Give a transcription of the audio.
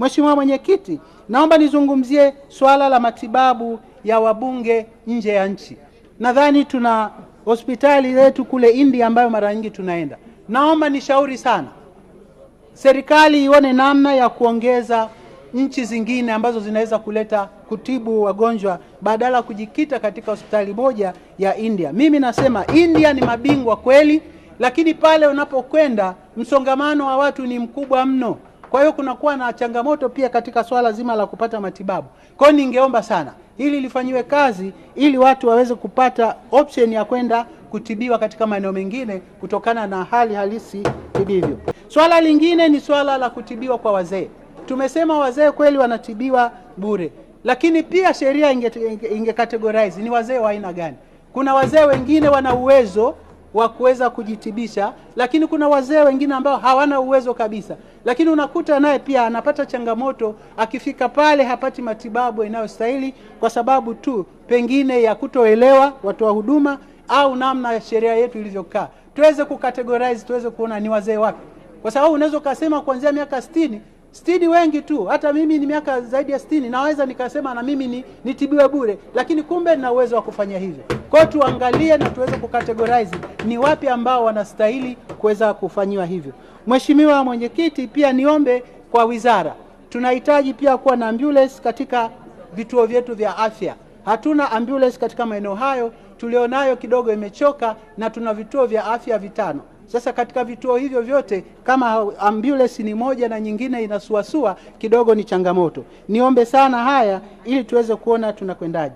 Mheshimiwa Mwenyekiti, naomba nizungumzie swala la matibabu ya wabunge nje ya nchi. Nadhani tuna hospitali yetu kule India ambayo mara nyingi tunaenda. Naomba nishauri sana serikali ione namna ya kuongeza nchi zingine ambazo zinaweza kuleta kutibu wagonjwa badala ya kujikita katika hospitali moja ya India. Mimi nasema India ni mabingwa kweli, lakini pale unapokwenda msongamano wa watu ni mkubwa mno. Kwa hiyo kunakuwa na changamoto pia katika swala zima la kupata matibabu. Kwa hiyo ningeomba sana ili lifanyiwe kazi ili watu waweze kupata option ya kwenda kutibiwa katika maeneo mengine kutokana na hali halisi ilivyo. Swala lingine ni swala la kutibiwa kwa wazee. Tumesema wazee kweli wanatibiwa bure, lakini pia sheria inge, inge, inge categorize ni wazee wa aina gani. Kuna wazee wengine wana uwezo wa kuweza kujitibisha, lakini kuna wazee wengine ambao hawana uwezo kabisa, lakini unakuta naye pia anapata changamoto, akifika pale hapati matibabu inayostahili kwa sababu tu pengine ya kutoelewa watoa wa huduma au namna ya sheria yetu ilivyokaa. Tuweze kukategorize, tuweze kuona ni wazee wapi, kwa sababu unaweza ukasema kuanzia miaka sitini sitini wengi tu, hata mimi ni miaka zaidi ya sitini, naweza nikasema na mimi ni nitibiwe bure, lakini kumbe nina uwezo wa kufanya hivyo. Kwa tuangalie na tuweze kukategorize ni wapi ambao wanastahili kuweza kufanyiwa hivyo. Mheshimiwa Mwenyekiti, pia niombe kwa wizara, tunahitaji pia kuwa na ambulance katika vituo vyetu vya afya. Hatuna ambulance katika maeneo hayo, tulionayo kidogo imechoka, na tuna vituo vya afya vitano. Sasa katika vituo hivyo vyote, kama ambulance ni moja na nyingine inasuasua kidogo, ni changamoto. Niombe sana haya, ili tuweze kuona tunakwendaje.